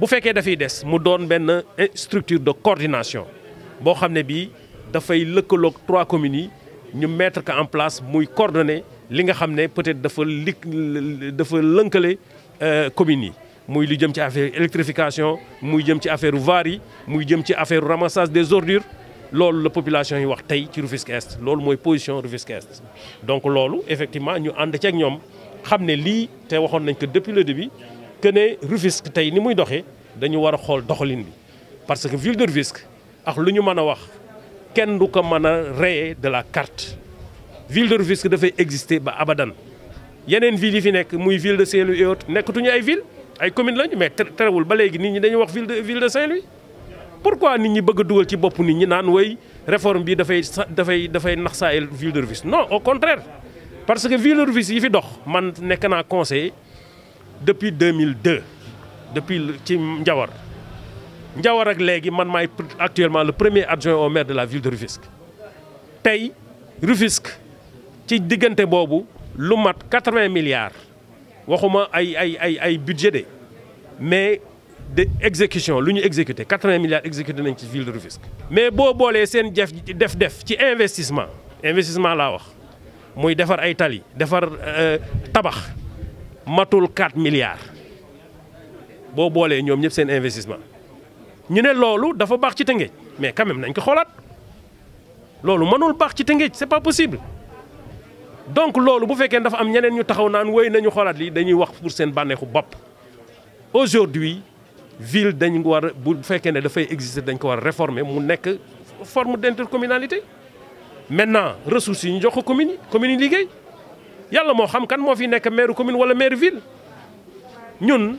bu fekkee dafay des mu doon benn structure de coordination boo xam ne bii dafay lëkkaloog trois communes yi ñu mettre ko en place muy coordonner li nga xam peut-être dafa lik dafa lënkale euh, communes yi muy lu jëm ci affaire électrification muy jëm ci affaire vaar yi muy jëm ci affaire ramassage des ordures loolu la population yi wax tey ci Rufisque Est loolu mooy position Rufisque Est donc loolu effectivement ñu ànd ci ak ñoom xam ne lii te nañ ko depuis le début que ne Rufisque tey ni muy doxee dañu war xol doxalin bi parce que Ville de lu ak luñu mëna wax kenn du ko mëna a rayer de la carte Ville de da fay exister ba abadan yenen villes fi nek muy ville de Saint-Louis et autres nekkatuñu ay ville ay commune lañu mais terewul ba légui nit ñi dañu wax ville de ville de Saint-Louis pourquoi nit ñi bëgg duggal ci bop nit ñi naan way réforme bi da fay dafay Ville de Vildervisque non au contraire parce que Vildervisque yi fi dox man nek na conseiller depuis 2002 depuis ci Njawar Njawar ak léegi man suis actuellement le premier adjoint au maire de la ville de Rufisque tay Rufisque ci diggante bobu lu mat 80 milliards waxuma ay ay ay ay budget de mais de exécution luñu exécuter exécuté milliards exécuté nañ ci ville de Rufisque mais boo boolee seen def def def ci investissement investissement la wax muy defar ay tali defar euh, tabax matul 4 milliards bo boolee ñoom ñëpp seen investissement ñu né lolu dafa bax ci Tëngéej mais quand même nañ ko xolat lolu mënul bax ci Tëngéej c'est pas possible donc lolu bu fekkee dafa am ñeneen ñu taxaw naan way nañu xolat li dañuy wax pour seen bànneexu bop aujourd'hui ville dañ war a bu fekkee da fay exister dañ ko war réformer mu nek forme d'intercommunalité maintenant ressources yi ñu jox ko commune yi communes yi liggéey xam kan mo fi nek maire commune wala maire ville ñun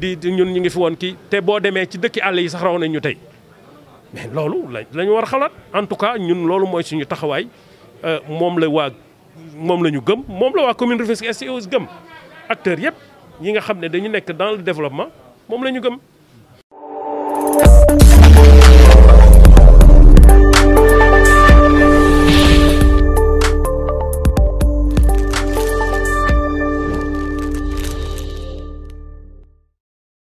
di ñun ñu ngi fi woon kii te boo demee ci dëkki àll yi sax raw nañ ñu tey mais loolu la lañu war a xalaat en tout cas ñun loolu mooy suñu taxawaay euh, moom la waa moom la ñu gëm moom la waa commune Rufisque STO gëm acteur yëpp ñi nga xam ne dañu nekk dans le développement moom la ñu gëm.